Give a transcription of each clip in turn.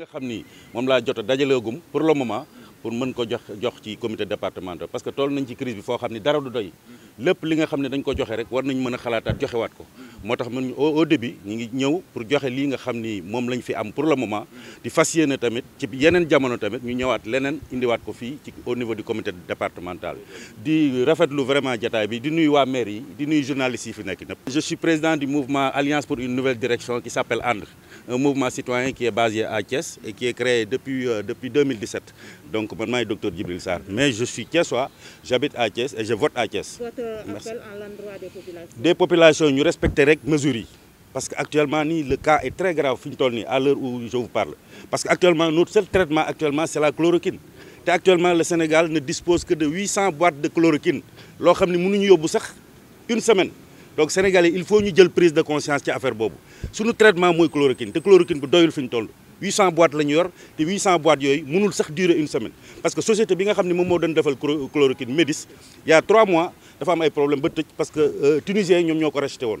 nga xam ni moom laa jot a pour le moment pour mën ko jox jox ci comité départemental parce que tool nañ ci crise bi foo xam ni dara du doy lépp li nga xam ne dañ ko joxe rek war nañ mën a xalaataat joxewaat ko motax man au début ñi ngi ñëw pour joxe li nga xamni mom lañ fi am pour le moment di fas tamit ci yenen jamono tamit ñu ñëwaat indi indiwaat ko fi ci au niveau du comité départemental di rafetlu vraiment jotaay bi di nuy wa maire yi di nuy journalistes yi fi nek nepp je suis président du mouvement Alliance pour une nouvelle direction qui s'appelle ANDRE un mouvement citoyen qui est basé à Thiès et qui est créé depuis euh, depuis 2017 donc man suis docteur Djibril Sarr mais je suis thiessois j'habite à Thiès et je vote à Thiès. Votre appel à l'endroit des populations. des populations ñu respecter rek parce que le cas est très grave à l'heure où je vous parle parce que notre seul traitement actuellement c'est la chloroquine actuellement le Sénégal ne dispose que de 800 boîtes de chloroquine lo qui est ñu une semaine donc Sénégalais il faut ñu prise de conscience ci affaire traitement moy chloroquine te chloroquine bu doyul 800 boîtes 800 boîtes durer une semaine parce que société bi chloroquine il y a trois mois dafa am ay problème parce que tunisien euh, Tunisiens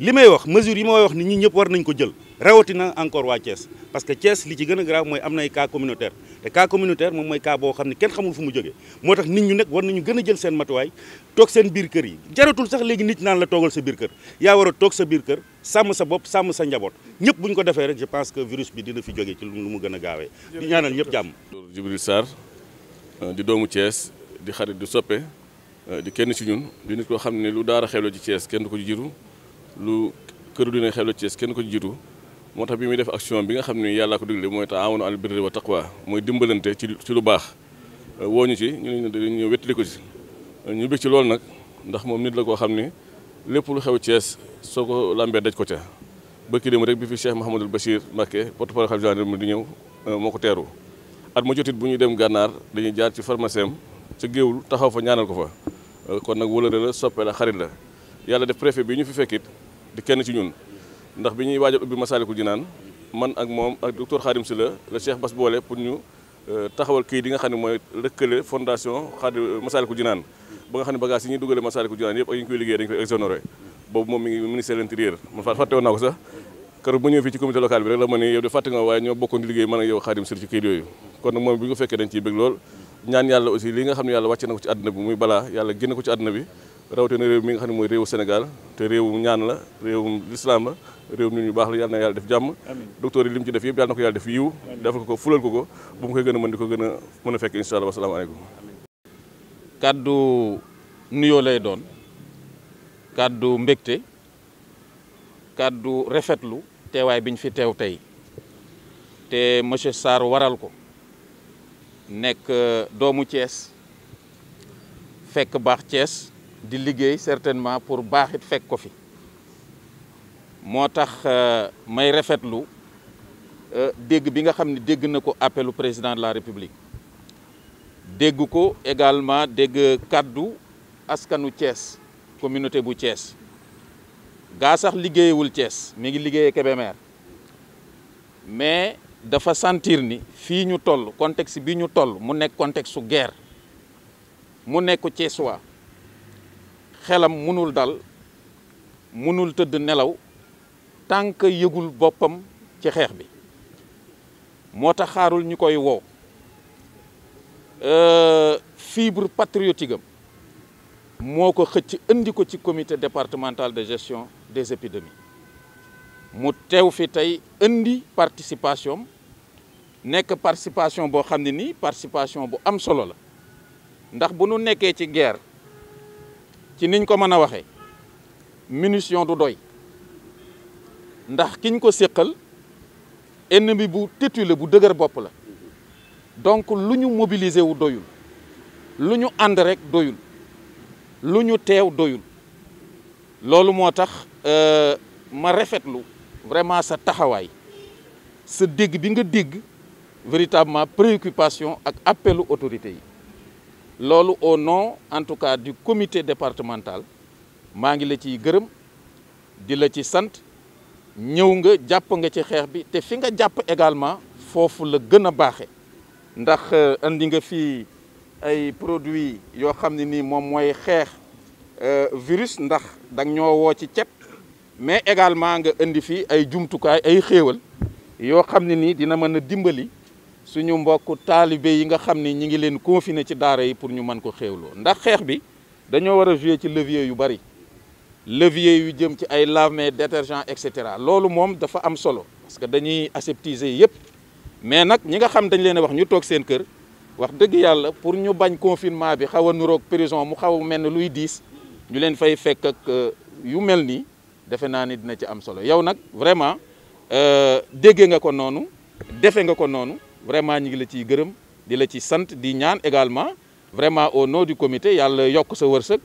li may wax mesure yi may wax ni ñi ñëpp war nañ ko jël rawatina encore waa Thiès parce que Thiès li ci gën a grave mooy am na ay cas communautaire te cas communautaire moom mooy cas boo xam ne kenn xamul fu mu jógee moo tax nit ñu nekk war nañu gën a jël seen matuwaay toog seen biir kër yi jaratul sax léegi nit naan la toogal sa biir kër yaa war toog sa biir kër sàmm sa bopp sàmm sa njaboot ñëpp bu ñu ko defee rek je pense que virus bi dina fi jógee ci lu mu a gaawee di ñaanal ñëpp jàmm Djibril Sarr euh, di doomu Thiès di xarit di soppe euh, di kenn ci ñun di nit koo xam ne lu daara xewloo ci cees kenn du ko jiru lu këru dina xelu Thiès kenn ko jiitu moo tax bi muy def action bi nga xam ni yàllaa ko digle mooy taawanu alal birri wa taqwa mooy dimbalante ci ci lu baax euh, woo ñu ci ñu ñu wettali ko ci euh, ñu bég ci loolu nag ndax moom nit la koo xam ni lépp lu xew cees soo ko lambee daj ko ca bëkki dem rek bi fi Cheikh Mouhamadul Bachir Mbacké porte-parole xalifa général di ñëw euh, moo ko teeru at ma jotit bu ñu dem gànnaar dañuy jaar ci pharmacie am ca géewul taxaw fa ñaanal ko fa kon nag wëlëre la soppe xarit la yàlla def préfet bi ñu fi fekkit di kenn ci ñun ndax bi ñuy waajal ubbi Masaalikul Jinaan man ak moom ak docteur Khadim Sylla la Cheikh Bass boole pour ñu euh, taxawal kii di nga xam ne mooy lëkkale fondation Khadim Masaalikul Jinaan ba nga xam ne bagage yi ñuy dugale Masaalikul Jinaan yëpp ak yi ñu koy liggéey dañu koy exonéré boobu moom mi ngi man la ma ni fàtte waaye ñoo bokkoon di liggéey man ak yow Khadim ci kayit yooyu kon moom bi ñu fekkee dañ ciy bëgg lool ñaan yàlla aussi li nga xam ne yàlla wàcce na ko ci àdduna bi muy balaa yàlla génn bi rawatina réew mi nga xam ne mooy réewu Sénégal te réewum ñaan la réewum lislaam la réewum nit ñu baax la yàlla na yàlla def jàmm docteur yi li mu ci def yëpp yàlla na ko yàlla def yiw defal ko ko ko ko koy gën a mën ko gën a mën a fekk insha allah wasalaamaaleykum kàddu nuyoo lay doon kàddu mbégte kàddu rafetlu teewaay bi ñu fi teew tey te monsieur Sarr waral ko nekk doomu Thiès fekk baax cees di certainement pour baaxit fekk ko fi motax euh, may rafetlu euh, deg bi nga xamni deg président de la république deg ko également deg askanu ties communauté bu ties ga sax ties mi mais dafa sentir ni fi ñu toll contexte bi ñu toll mu nek contexte guerre mu xelam munul dal munul teud nelaw tank yegul bopam ci bi euh, fibre patriotique moko xëc indi ko ci comité départemental de gestion des épidémies mu tew fi tay indi participation nek participation bo xamni ni participation bu am solo la ndax bu nu nekké ci guerre ci niñ ko mën a munition du doy ndax kiñ ko séqal ennemi bu titulé bu dëgër bop la donc luñu mobiliser wu doyul luñu and rek doyul lu ñu doyul lolou motax euh ma rafetlu vraiment sa taxaway sa dégg bi nga dégg véritablement préoccupation ak appel aux autorités loolu au nom en tout cas du comité départemental mangi ngi la ci gërëm di la ci sante ñëw nga japp nga ci bi te fi nga japp également fofu le gëna baxé ndax euh, andi nga fi ay produits yo xamni ni mom moy euh, virus ndax dag ñoo wo ci ciép mais également nga andi fi ay jumtukaay ay xéewal Yo xamni ni dina mëna dimbali suñu mbokku taalibe yi nga xam ni ñi ngi leen confiné ci daara yi pour ñu mën ko xéewloo ndax xeex bi dañoo war a jouer ci levier yu bari levier yu jëm ci ay lave-mains détergent et cetera loolu moom dafa am solo parce que dañuy aseptiser yëpp mais nag ñi nga xam dañ leen wax ñu toog seen kër wax dëgg yàlla pour ñu bañ confinement bi xaw a nuroog prison mu xaw mel ne luy diis ñu leen fay fekk ak euh, yu mel nii defe naa ni dina ci am solo yow nag vraiment euh, déggee nga ko noonu defe nga ko noonu vraiment ñi ngi la ci gëreum di la ci sante di ñaan également vraiment au nom du comité yalla yok sa wërseuk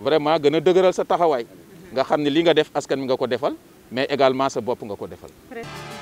vraiment gëna a sa taxaway nga xamni li nga def askan mi nga ko defal mais également sa bop nga ko defal